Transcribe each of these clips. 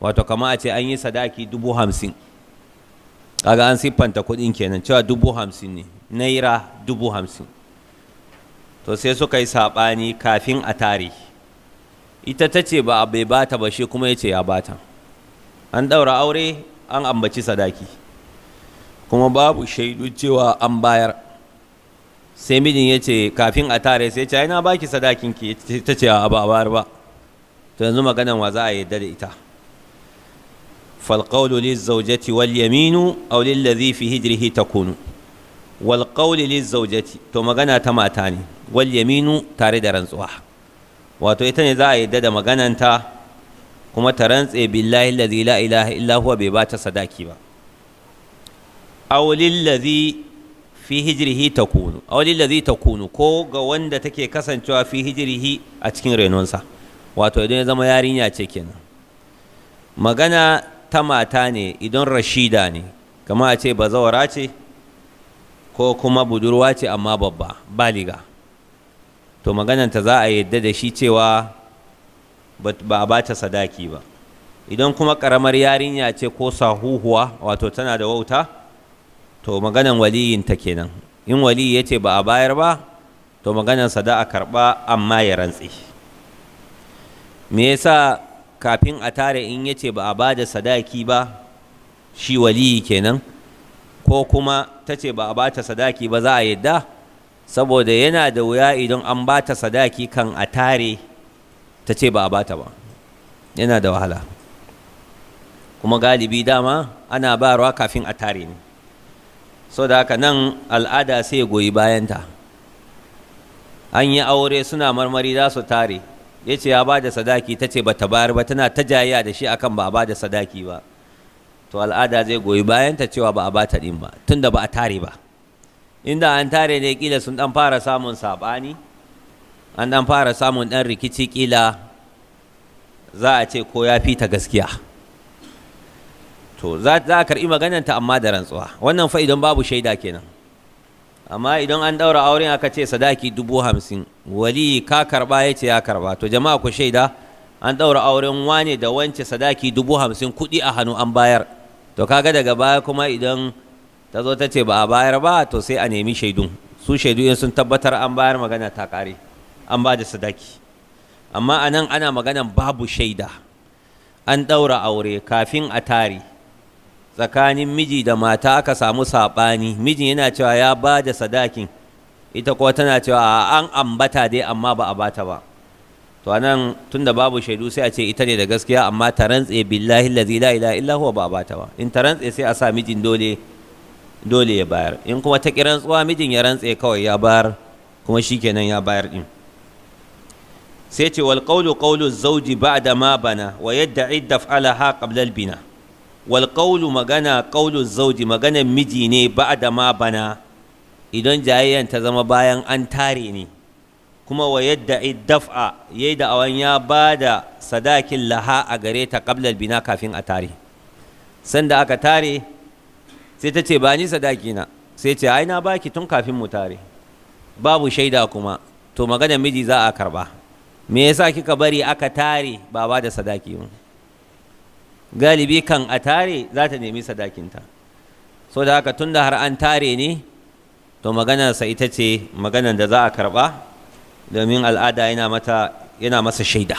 wato kama a ce an yi sadaki dubu hamsin kaga an siffanta kuɗin kenan cewa dubu hamsin ne naira dubu hamsin to sai suka yi saɓani kafin a tare ita ta ce ba bai bata ba shi kuma ya ce ya bata an ɗaura aure an ambaci sadaki kuma babu shaidu cewa an bayar sai mijin ya ce kafin a tare sai ce na baki sadakin ki ta ce a ba ba to yanzu maganan wa za a yarda da ita فالقول للزوجة واليمين أو للذي في هجره تكون والقول للزوجة تو مغانا تماتاني واليمين تارد رنسوح واتو إتني ذا يدد مغانا انتا كما ترنس بالله الذي لا إله إلا هو ببات صداكي با أو للذي في هجره تكون أو للذي تكون كو غواند تكي كسان كسن في هجره أتكين رينونسا واتو إدني زما يارين يا تكينا magana ta mata ne idan rashida ne kama a ce bazawara ce ko kuma budurwa ce amma babba baliga to magananta za a yadda da shi cewa ba a bata sadaki ba idan kuma ƙaramar yarinya ce ko sahuhuwa wato tana da wauta to maganan waliyinta kenan in waliyu ya ce ba a bayar ba to maganansa da a karɓa amma ya rantsi me yasa kafin a tare in ya ce ba a ba da sadaki ba shi waliyi kenan ko kuma ta ce ba a ba ta sadaki ba za a yadda saboda yana da wuya idan an ba ta sadaki kan a tare ta ce ba a ba ta ba yana da wahala kuma galibi dama ana ba ruwa kafin a tare ne so da haka nan al'ada sai goyi bayanta an yi aure suna marmari za su tare ya ce ya ba da sadaki ta ce ba ta bayar ba tana ta jayya da shi akan ba a ba da sadaki ba to al'ada zai goyi bayan ta cewa ba a ba ta din ba tunda ba a tare ba inda an tare ne kila sun ɗan fara samun saɓani an ɗan fara samun ɗan rikici kila za a ce ko ya fi ta gaskiya to za a karɓi magananta amma da rantsuwa wannan fa'idan babu shaida kenan amma idan an ɗaura auren aka ce sadaki dubu hamsin wali ka karba ya ce ya karba to jama'a ku shaida an ɗaura auren wane da wance sadaki dubu hamsin kuɗi a hannu an bayar to kaga daga baya kuma idan ta zo ta ce ba a bayar ba to sai a nemi shaidun su shaidu in sun tabbatar an bayar magana ta ƙare an ba da sadaki amma anan ana maganan babu shaida an ɗaura aure kafin a tari tsakanin miji da mata aka samu saɓani mijin yana cewa ya ba da sadakin ita kuwa tana cewa an ambata dai amma ba a bata ba to nan tun da babu shaidu sai a ce ita ne da gaskiya amma ta rantse billahi allazi la ilaha illa huwa ba a bata ba in ta rantse sai a sa mijin dole dole ya bayar in kuma ta kiran tsuwa mijin ya rantse kawai ya bayar kuma shikenan ya bayar din sai ce wal qawlu qawlu zawji ba'da ma bana wa yadda'i daf'alaha qabla al bina wal magana qawlu zauji magana miji ne da ma bana idan jayayyan ta zama bayan an tare ne kuma wa yadda daf'a yayi da awan ya bada sadakin laha a gare ta qabla bina kafin a tare sanda aka tare sai ta ce ba ni sadaki na sai ce ai na baki tun kafin mu tare babu shaida kuma to magana miji za a karba me yasa kika bari aka tare ba ba da sadaki mu galibi kan a tare za ta nemi sadakinta so da haka da har an tare ne to maganarsa ita ce maganar da za a karɓa domin al'ada yana mata yana masa shaida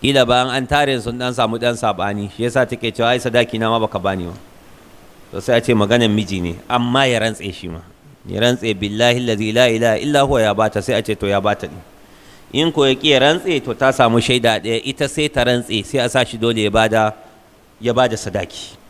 kila bayan an tare sun dan samu dan sabani shi yasa take cewa ai sadaki na ma baka bani ba to sai a ce maganar miji ne amma ya rantse shi ma ya rantse billahi allazi la ilaha illa huwa ya bata sai a ce to ya bata ne in ko ya ki ya rantse to ta samu shaida ɗaya ita sai ta rantse sai a sa shi dole ya bada ya ba da sadaki